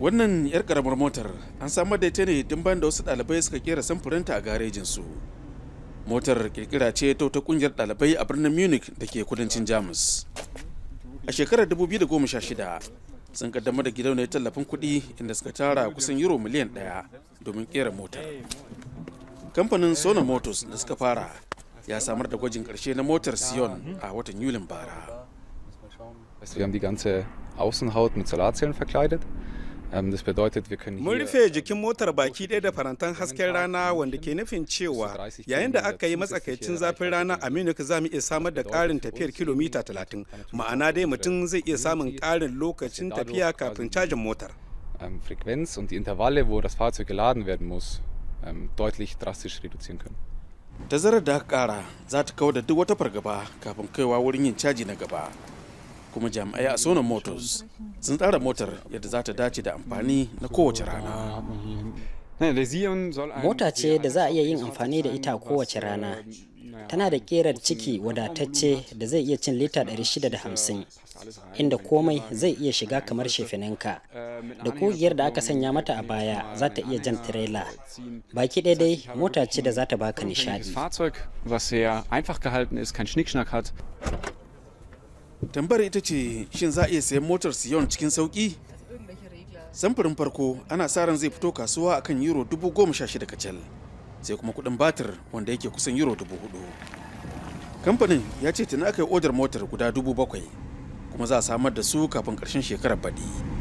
wannan yar karamar motar an samar da ita ne tun bayan da wasu dalibai suka kera samfurinta a garejinsu su motar kirkira ce ta wata kungiyar dalibai a birnin munich da ke kudancin jamus a shekarar 2016 sun kaddamar da gidauniyar tallafin kuɗi inda suka tara kusan euro miliyan ɗaya domin kera motar kamfanin sona motors da suka fara ya samar da gwajin karshe na motar sion a watan yulin bara Wir haben die ganze Das Mun rufe jikin motar baki ɗaya da farantan hasken rana wanda ke nufin cewa yayin da aka yi matsakaicin zafin rana a Munich za mu iya samar da ƙarin tafiyar kilomita 30. Ma'ana dai mutum zai iya samun ƙarin lokacin tafiya kafin cajin motar. Frequenz und die Intervalle, wo das Fahrzeug geladen werden muss, deutlich drastisch reduzieren können. Tazarar da aka kara za ta kawo da duk wata fargaba kafin kaiwa wurin yin caji na gaba. kuma jami'ai a Sona Motors sun tsara motar yadda za ta dace da amfani na kowace rana. Mota ce da za a iya yin amfani da ita kowace rana. Tana da kerar ciki wadatacce da zai iya cin lita 650, inda komai zai iya shiga kamar shefininka. Da kugiyar da aka sanya mata a baya za ta iya jan tirela. Baki ɗaya dai mota ce da za ta baka nishaɗi. tambayar ita ce shin za a iya sayan motar siyon cikin sauki samfurin farko ana sa ran zai fito kasuwa akan euro dubu goma sha shida kacal sai kuma kudin batir wanda yake kusan euro dubu hudu kamfanin ya ce tana aka yi odar motar guda dubu bakwai kuma za a samar da su kafin karshen shekarar baɗi.